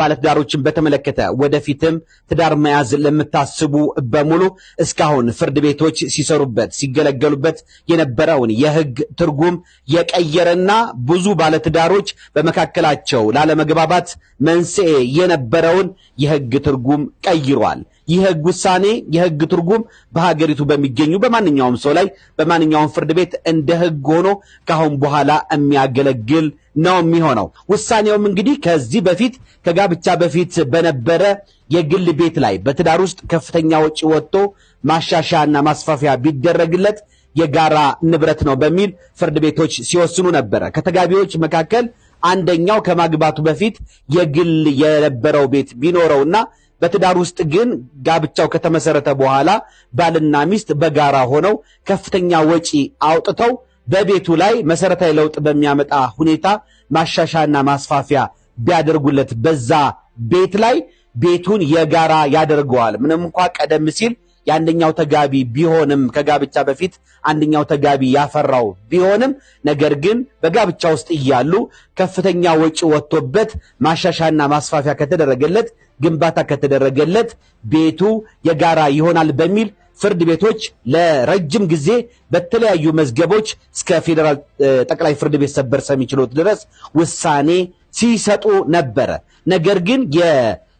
ባለትዳሮችን በተመለከተ ወደፊትም ትዳር መያዝ ለምታስቡ በሙሉ እስካሁን ፍርድ ቤቶች ሲሰሩበት ሲገለገሉበት የነበረውን የሕግ ትርጉም የቀየረና ብዙ ባለትዳሮች በመካከላቸው ላለመግባባት መንስኤ የነበረውን የሕግ ትርጉም ቀይሯል። የህግ ውሳኔ የህግ ትርጉም በሀገሪቱ በሚገኙ በማንኛውም ሰው ላይ በማንኛውም ፍርድ ቤት እንደ ህግ ሆኖ ከአሁን በኋላ የሚያገለግል ነው የሚሆነው። ውሳኔውም እንግዲህ ከዚህ በፊት ከጋብቻ በፊት በነበረ የግል ቤት ላይ በትዳር ውስጥ ከፍተኛ ወጪ ወጥቶ ማሻሻያና ማስፋፊያ ቢደረግለት የጋራ ንብረት ነው በሚል ፍርድ ቤቶች ሲወስኑ ነበረ። ከተጋቢዎች መካከል አንደኛው ከማግባቱ በፊት የግል የነበረው ቤት ቢኖረውና በትዳር ውስጥ ግን ጋብቻው ከተመሰረተ በኋላ ባልና ሚስት በጋራ ሆነው ከፍተኛ ወጪ አውጥተው በቤቱ ላይ መሰረታዊ ለውጥ በሚያመጣ ሁኔታ ማሻሻያና ማስፋፊያ ቢያደርጉለት በዛ ቤት ላይ ቤቱን የጋራ ያደርገዋል። ምንም እንኳ ቀደም ሲል የአንደኛው ተጋቢ ቢሆንም ከጋብቻ በፊት አንደኛው ተጋቢ ያፈራው ቢሆንም ነገር ግን በጋብቻ ውስጥ እያሉ ከፍተኛ ወጪ ወጥቶበት ማሻሻና ማስፋፊያ ከተደረገለት፣ ግንባታ ከተደረገለት ቤቱ የጋራ ይሆናል በሚል ፍርድ ቤቶች ለረጅም ጊዜ በተለያዩ መዝገቦች እስከ ፌዴራል ጠቅላይ ፍርድ ቤት ሰበር ሰሚ ችሎት ድረስ ውሳኔ ሲሰጡ ነበረ። ነገር ግን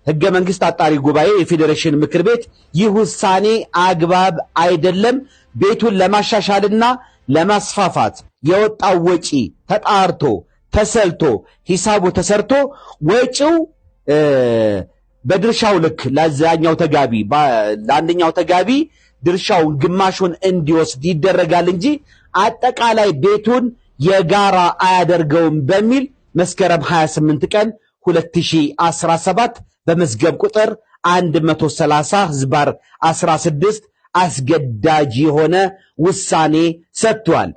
ህገ መንግስት አጣሪ ጉባኤ የፌዴሬሽን ምክር ቤት ይህ ውሳኔ አግባብ አይደለም፣ ቤቱን ለማሻሻልና ለማስፋፋት የወጣው ወጪ ተጣርቶ ተሰልቶ ሂሳቡ ተሰርቶ ወጪው በድርሻው ልክ ለዛኛው ተጋቢ ለአንደኛው ተጋቢ ድርሻውን ግማሹን እንዲወስድ ይደረጋል እንጂ አጠቃላይ ቤቱን የጋራ አያደርገውም በሚል መስከረም 28 ቀን 2017 በመዝገብ ቁጥር 130 ዝባር 16 አስገዳጅ የሆነ ውሳኔ ሰጥቷል።